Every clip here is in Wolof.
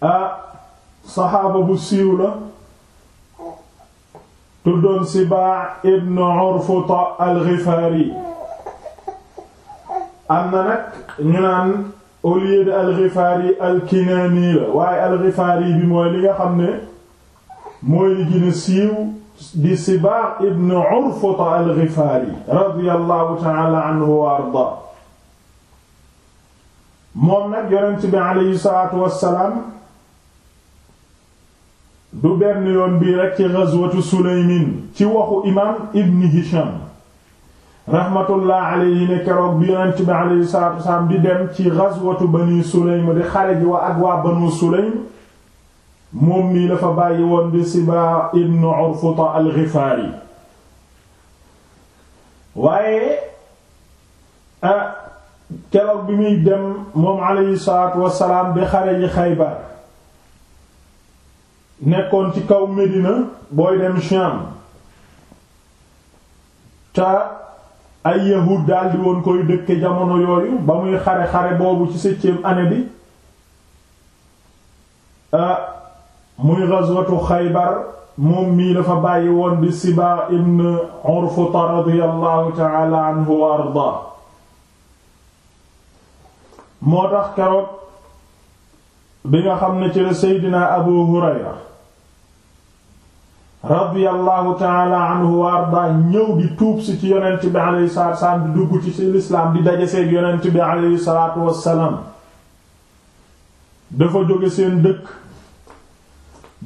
ah saxaaba bu siiw la tuddoon Sibaa ibn Urfuta al-Ghifari am na nag ñu naan au lieu de al-Ghifari al-Kinani la waaye al-Ghifari bi mooy li nga xam ne mooy li gën a siiw di Sibaa ibn Urfuta al-Ghifari radiyallahu ta'ala anhu wa ardaa moom nag yonent bi alayhi salaatu wassalaam du benn yoon bii rek ci ghazwatu Sulaymin ci waxu imam Ibn Hisham rahmatullah alayhi ne keroog bi yonent bi alayhi salaatu wasalaam dem ci ghazwatu Bani Sulaym di xare ji waa ak waa Banu Sulaym moom mii dafa bàyyi woon di Sibaa ibn Urfuta al waaye ah, keroog bi muy dem moom alayhi salaatu wasalaam di xare xayba nekkoon ci kaw Medina booy dem Sham ta ay yahud daldi woon koy dëkke jamono yooyu ba muy xare-xare boobu ci septième année bi ah muy ghazwatu Xaybar moom mii dafa bàyyi woon di Sibaa ibn Urfuta radiyallahu ta'ala anhu wa arda moo tax keroog bi nga xam ne ci la seydina abu hurayra radiyallahu taala anhu wa arda ñëw di tuub si ci yonent bi alayhi salaatu wassalaam di ci si lislaam di daje seeg yonent bi alayhi salaatu wassalaam dafa jóge seen dëkk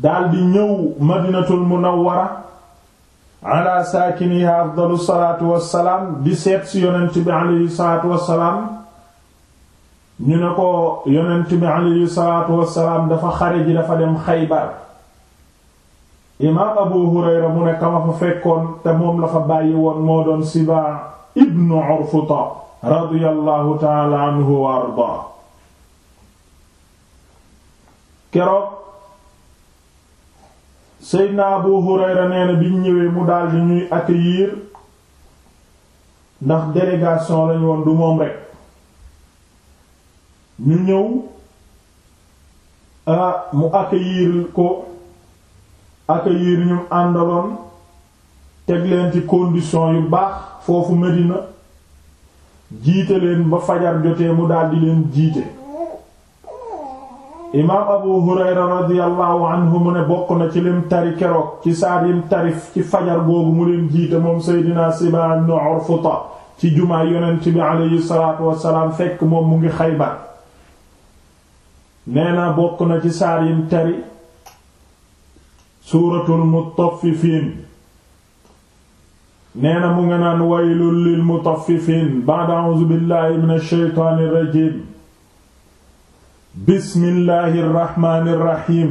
daldi ñëw madinatul munawwara ala saakiniha afdalu salaatu wassalaam di seet si yonent bi alayhi salaatu wassalaam ñu ne ko yonent bi alayhi salaatu wassalaam dafa xare ji dafa dem xaybar imaam abu hurayra mu ne kama fekkoon te moom la fa bàyyi woon moo doon sibaa ibnu urfuta radiyallahu taala anhu wa ardaa keroog seydna abu hurayra nee na biñ ñëwee mu daldi ñuy accueillir ndax délégation lañu woon du moom rek ñu ñëw ah, mu accueillir ko accueillir ñu àndaloon teg leen ci condition yu baax foofu Medina jiite leen ba fajar jotee mu daldi leen jiite imaam Abu Hurayra radiyallahu anhu mu ne bokk na ci lim tari keroog ci saar yim tarif ci fajar boobu mu leen jiite moom Seydina Sibaa ibn Urfuta ci jumaa yonent bi aleyhi salaatu wassalaam fekk moom mu ngi Xaybar nee na bokk na ci saar yim tari suuratul mutaffifiin nee na mu nga naan waylul lil mutaffifiin ba'da a'uuzu billaahi minash shaytaanir rajiim bismillaahir rahmaanir rahiim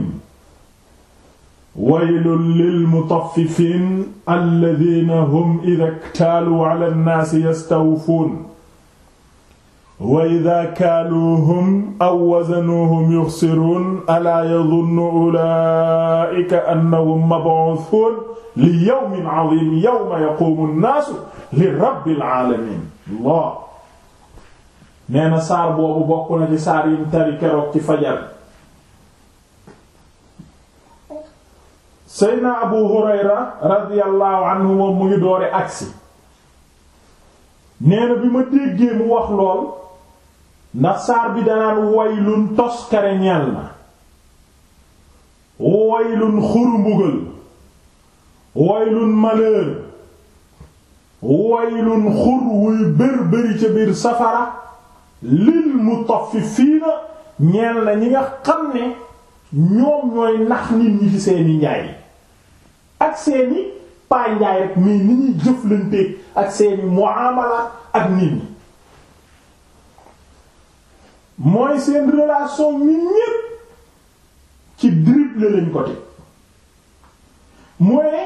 waylul lil mutaffifiin allaziina hum izaa iktaaluu ala nnaasi yastawfuun wa idha kaaluuhum aw wazanuuhum yuxsiruun alaa yadunnu ulaa'ika annahum mab'uuthuun li yawmin 'aziim yawma yaquumu nnaasu li rabbil 'aalamiin Allah nee na saar boobu bokk na ci saar yi mu tari keroog ci fajar Seydina Abu Hurayra radiyallahu anhu moom mu ngi doore agsi nee na bi ma déggee mu wax lool ndax bi danaan waylun toskare ñeel na waylun xurumbugal waylun malheur waylun xur wuy bër bëri ca biir safara lil mutaffifiina ñeel na ñi nga xam ne ñoom ñooy nax nit ñi ci seeni njaay ak seeni paa njaay rek mais ni ñuy ak seeni muamala ak nit ñi mooy seen relation mi ñépp ci dribble lañ ko teg mooy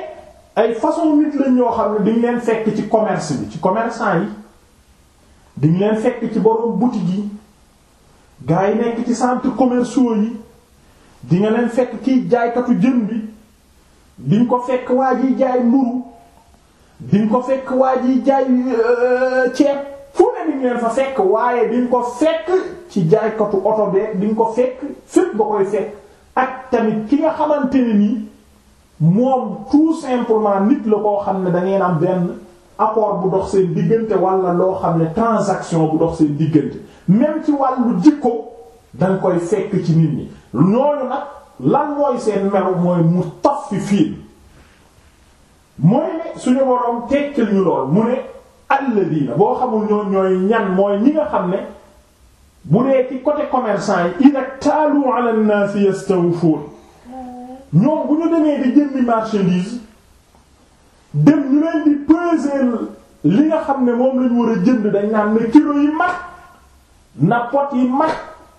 ay façon nit lañ ñoo xam ne dañ leen fekk ci commerce bi ci commerçant yi dañ leen fekk ci borom boutique yi gaa yi nekk ci centres commerciaux yi di nga leen fekk kiy jaaykatu jën bi di nga ko fekk waa jiy jaay mburu di nga ko fekk waa jiy jaay euh, ceeb waaye di ngeen fa fekk waaye di nga ko fekk ci jaaykatu oto beeg di ko fekk fépp nga koy fekk ak tamit ki nga xamante ne nii moom tout simplement nit la koo xam ne da ngeen am benn accord bu dox seen diggante walla loo xam ne transaction bu dox seen diggante même ci wàllu jikko da nga koy fekk ci nit ñi. ñooñu nag lan mooy seen melu mooy mu taf fi fiin mooy ne suñu boroom tekkil ñu lool mu ne. alladina boo xamul ñoo ñooy ñan mooy ñi nga xam ne bu dee ci côté commercant yi ida taalu ala an-nas yastawfun ñoom bu ñu demee di jëndi marchandise dem ñu leen di peser li nga xam ne moom lañ war a jënd dañ naan na kilo yi mat na pot yi mat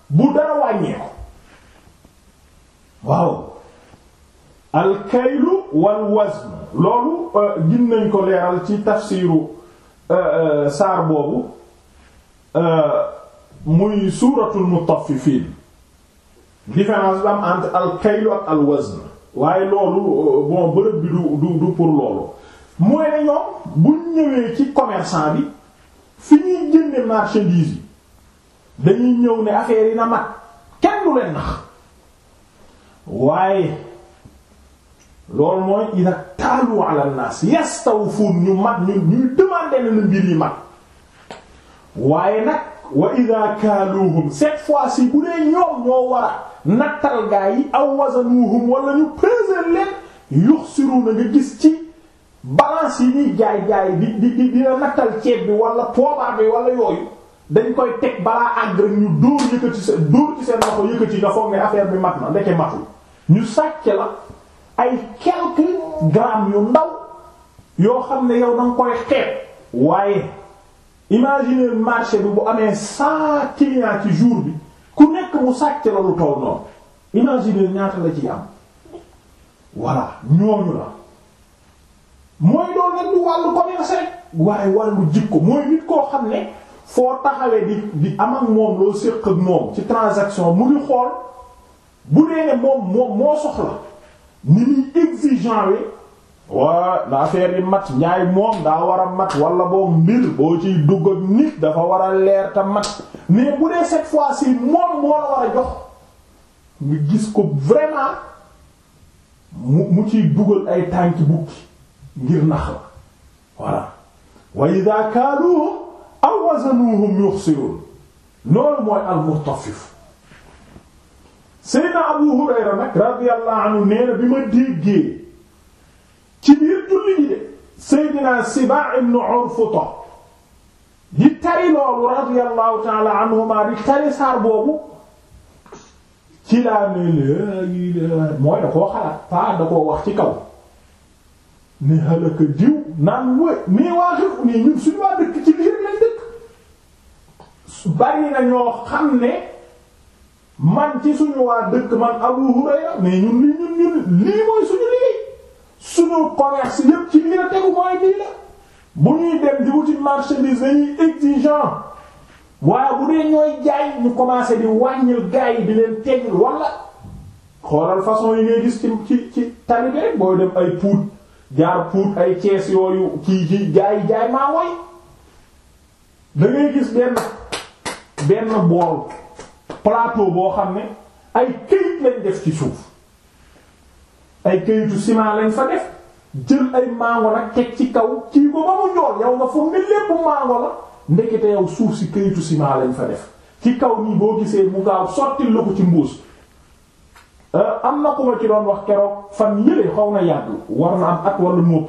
bu dara wàññeeku waaw alkaylu wal wazn loolu euh, gin nañ ko leeral ci tafsiru Euh, saar boobu euh, muy suuratul mutaffifiin différence bi am entre al kaylu waaye loolu euh, bon bërëb bi du du pour loolu mooy ne ñoom ñëwee ci commerçant bi fi ñuy jënde marchandise yi dañuy ñëw ni affaire yi na mat kenn du leen nax waaye loolu mooy ida taalu ala nas yastawfuun ñu mat ñu ñuy demander na mbir yi mat waaye nag wa ida kaaluuhum cette fois si bu dee ñoom ñoo war a nattal gaa yi aw wazanuuhum wala ñu peser leen yuxsiruuna nga gis ci balance yi ñuy jaay-jaay di di di dina nattal ceeb bi wala poobaar bi wala yooyu dañ koy teg balaa àgg rek ñu dóor yëkkati seen dóor ci seen loxo yëkkati nga foog ne affaire bi mat na ndeke matul ñu sàcc la ay quelques grammes yu ndaw yoo xam ne yow danga koy xeeb waaye imaginer marché bi bu amee cent clients ci jour bi ku nekk mu sàcc la lu toll noonu imaginer ñaata la ciy am voilà ñooñu la mooy doon nag du wàllu commerce rek waaye wàllu jikko mooy nit koo xam ne foo taxawee di di am ak moom loo séq moom ci transaction mu ngi xool bu dee ne moom moo soxla ni muy exigeant wi waa affaire yi mat njaay moom daa war a mat walla boo mbir boo ciy dugg nit dafa war a leer te mat mais bu dee cette fois-ci moom moo la war jox nga gis ko vraiment mu mu ciy dugal ay tànki bukki ngir nax la voilà wa idha kaaluhum aw wazanuhum yuxsirun loolu mooy al-mutaffif Seydina Abu Hurayra nag radiyallahu anhu nee na bi ma déggee ci biir julli ji de Seydina Sibaa ibn Urfuta di tari loolu radiyallahu ta'ala anhuma di tari saar boobu ci laa ne la mooy da koo xalaat paa da koo wax ci kaw ni halaka diw naan wé nii waa xef nii ñun suñu waa dëkk ci biir lañ dëkk bari na ñoo xam ne man ci suñu waa dëkk man Abu Hurayra mais ñun lii ñun ñun lii mooy suñu lii suñu commerce yëpp ci lii la tegu mooy lii la bu ñuy dem di wuti marchandise dañuy commencé di wàññil gaa yi di leen teñul yi ngay gis ci ci ci tali bi rek booy dem ay puut jaar puut ay cees yooyu kii ci jaay jaay maa mooy da ngay gis benn benn bool plateau boo xam ne ay këyit lañ def ci suuf ay këyitu ciment lañ fa def jël ay mango nag teg ci kaw kii ko ba mu njool yow nga foog ne lépp mango la ndekete yow suuf si këyitu ciment lañ fa def ci kaw nii boo gisee mu gaaw sottil la ko ci mbuus euh, am na ko ma ci doon wax keroog fan yële xaw na yàgg war na am at wala mopp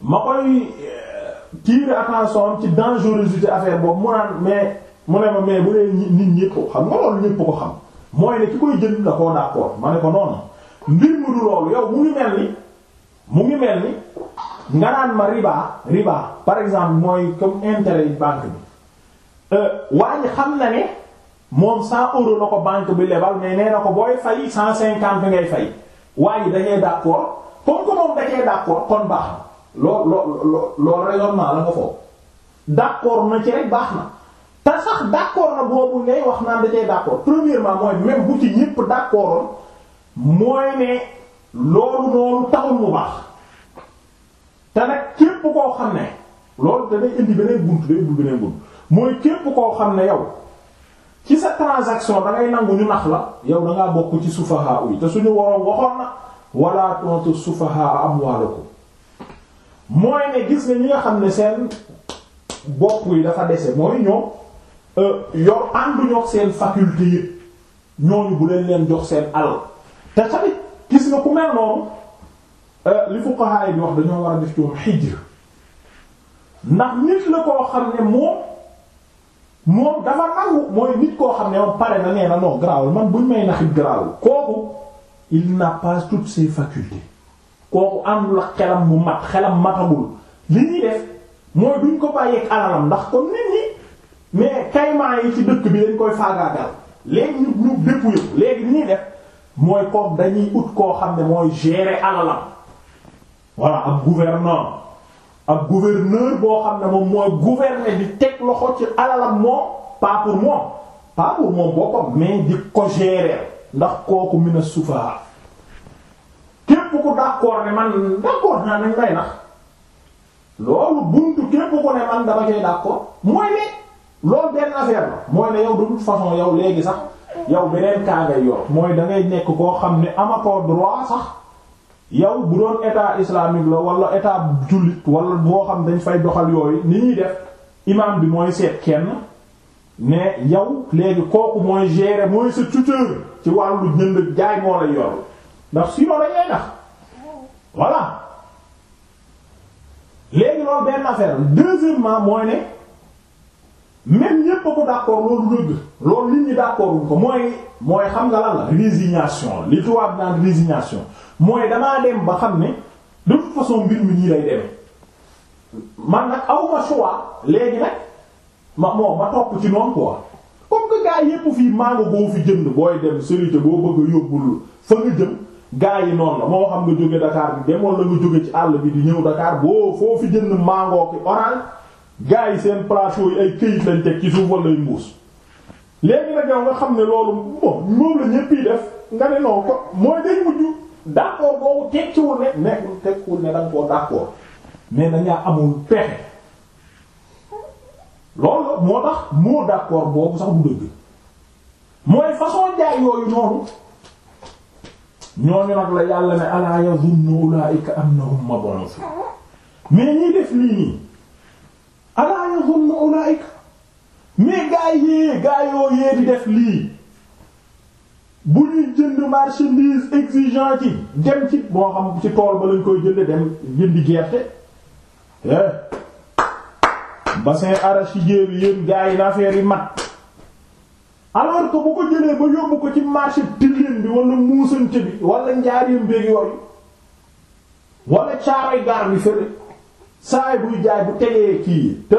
ma koy euh, tiire attention ci dangerosité affaire boobu mu naan mais mu ne ma mais bu dee nit ñépp xam nga loolu ñépp ko xam mooy ne ki koy jënd na koo d'accord ma ne ko noonu mbir mu du loolu yow mu ngi mel ni mu ngi mel ni nga naan ma riba riba par exemple mooy comme intérêt yi banque bi euh, waa xam na ne moom 100 euros na ko banque bi lebal mais nee na ko booy fay 150 ngay fay waa ñi dañee d'accord comme que moom dañee d'accord kon baax na loo loo loo raisonnement la nga foofu d'accord na ci rek ndax d'accord na boobu ngay wax naan da cee d'accord premièrement mooy même bu ci ñépp d'accordoon mooy ne loolu koo xam ne loolu da indi beneen bunt day indi mooy képp koo xam ne yow ci sa transaction da ngay nangu ñu nax la yow da ngaa bokk ci sufaha yi te suñu waroon waxoon na wala tontu sufaha amwaalakum mooy ne gis nga ñi nga xam ne seen bopp yi dafa dese mooy ñoom. Euh, yor ànduñu ak seen faculté yi ñooñu bu leen leen jox seen alal te tamit gis nga ku mel noonu euh, li fuqaha yi wax dañoo war a def ci moom ndax nit la koo xam ne moom moom dafa nangu mooy nit koo xam ne moom pare na nee na non garaawul man buñ may naxit garaawul kooku il n'a pas toutes ses facultés kooku àndul ak xelam mu mat xelam matagul li ñuy def mooy duñ ko bàyyeeg alalam ndax comme nit ñi mais caïman yi ci dëkk bi dañ koy faagaagal léegi ñu ñu dépouiller léegi ni ñuy def mooy koom dañuy ut koo xam ne mooy gérer alalam voilà ab gouverneur ab gouverneur boo xam ne moom mooy gouverner di teg loxo ci alalam moom pas pour moom pas pour moom boppam mais di ko gérer ndax kooku mën a suufaa képp ku d'accord ne man d'accord naa nañ lay nax loolu buntu képp ku ne man dama koy d'accord mooy ne. loolu benn affaire la mooy ne yow de façon yow léegi sax yow beneen kaa ngay mooy dangay ngay nekk koo xam ne amatoo droit sax yow bu doon état islamique la wala état jullit wala boo xam dañ fay doxal yooyu ni ñuy def imam bi mooy seet kenn mais yow léegi kooku mooy gérer mooy sa tuteur ci wàllu jënd jaay moo lay yor ndax sinon dañ lay nax voilà léegi loolu benn affaire deuxièmement mooy ne. même ñépp ko d'accord loolu dëgg loolu nit ñi d'accord ko mooy mooy xam nga lan la résignation li tubaab naan résignation mooy damaa dem ba xam ne de toute façon mbir mi nii lay demee man nag awma choix léegi nag ma moom ma topp ci noonu quoi comme que gaa yépp fii mango boo fi jënd booy dem serité boo bëgg yóbbul fa nga jëm gaa yi noon la moo xam nga jóge Dakar bi dem wala nga jóge ci àll bi di ñëw Dakar boo foo jënd mango ki orange gars yi seen plateau ay këyit lañ ci suuf wala ay mbuus léegi nag yow nga xam ne loolu bon moom la ñëpp def nga ne non ko mooy day mujj d'accord boobu tekkiwul ne nekkul ne da nga koo d'accord mais dañaa amul pexe loolu moo tax moo d'accord boobu sax bu dëgg mooy façon jaay yooyu noonu ñooñu nag la yàlla ne ala yazunnu ulaika annahum mab'uthun mais ñi def lii nii. yazunnu ulaika mais gaa yee gaa yoo yee di def lii bu ñuy jënd marchandise exigeant ci dem ci boo xam ci tool ba lañ koy jënd dem jëndi gerte eh bassin arachidier bi yéen gaa yi affaire yi mat alors que bu ko jëlee ba yóbbu ko ci marché tilleen bi wala muusante bi wala njaareem yooyu wala caaray gaar bi fële saay buy jaay bu tegee kii te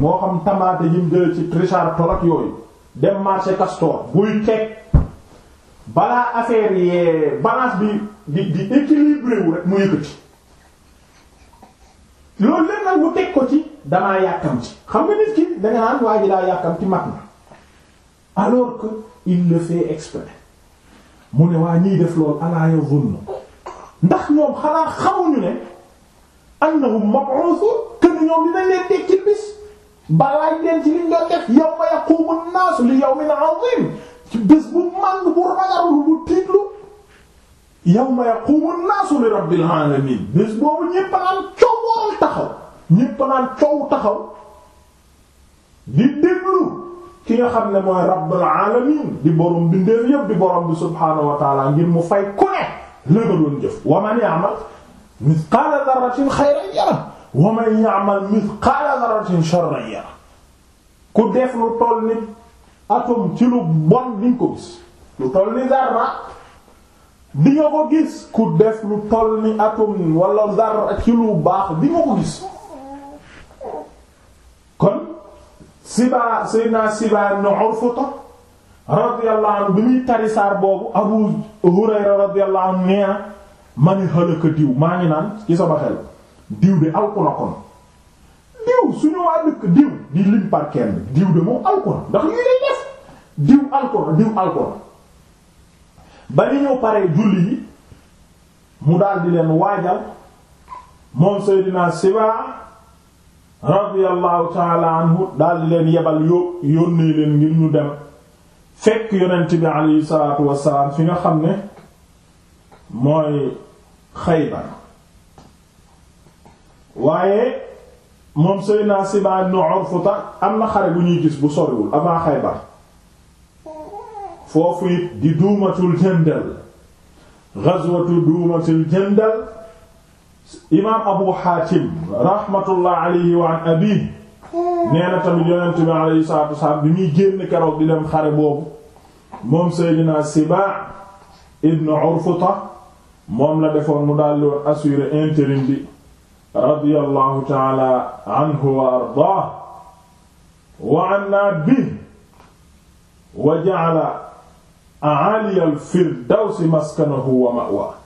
moo xam tamaate yi mu ci Richard Toll ak yooyu dem marché Castor buy teg balaa affaire yee balance bi di di équilibré rek mu yëkkati loolu lépp nag mu teg ko ci damaa yàkkamti xam nga nit ki da nga naan mag na alors que il le fait exprès mu ne waa ñiy def loolu ala yazunnu ndax ñoom xanaa xamuñu ne annahum mab'uthun que ñoom dinañ leen teg ci bis. balaay leen ci liñ doon def yawma yaqumu naasu li yawmin azim ci bés bu màng bu ragarlu bu tiitlu yawma yaqumu naasu li rabbil alamin bés boobu ñépp naan coow taxaw ñépp naan coow taxaw di déglu ki nga xam ne mooy rabbil alamin di borom bindeef yépp di borom bi subhaanahu wa taala ngir mu fay ku ne la nga doon jëf wa man ya'mal mithqala dharratin khayran yarah wa man ya'mal mithqaala dharratin sharran yara ku def lu toll ni atom ci bon di ko gis lu toll ni di nga ko gis ku def lu toll ni atom wala dara ci lu baax di nga ko gis kon Siba Seydina Siba ibn Urfuta radiyallahu anhu bi muy tarisaar boobu Abu Hurayra radiyallahu anhu nee na ma ni halaka diw maa ngi naan ci diw de alku na kon diw suñu waa dëkk diw di lim par kenn diw de moom alku ndax lii lay def diw alku diw alku na ñëw paree julli yi mu daldi di leen waajal moom Seydina Siba radiyallahu ta'ala anhu leen yebal yó yónnee leen ngir ñu dem fekk yonent bi alayhi salaatu wassalaam fi nga xam ne mooy Xaybar waaye moom Seydina Sibaa ibn Urfuta am na xare bu ñuy gis bu soriwul avant Xaybar foofu it di duumatul jëndal ghazwatu duumatul jëndal imaam Abu Hatim rahmatullah wa an abi tamit yonent bi alayhi salaatu wasalaam bi muy génn keroog di dem xare boobu moom Seydina Sibaa ibn Urfuta moom la defoon mu daldi woon assurer intérim bi radiyallahu ta'ala anhu wa ardaah wa anna bihi wa ja'ala a'ali al-firdawsi maskanahu wa ma'waahu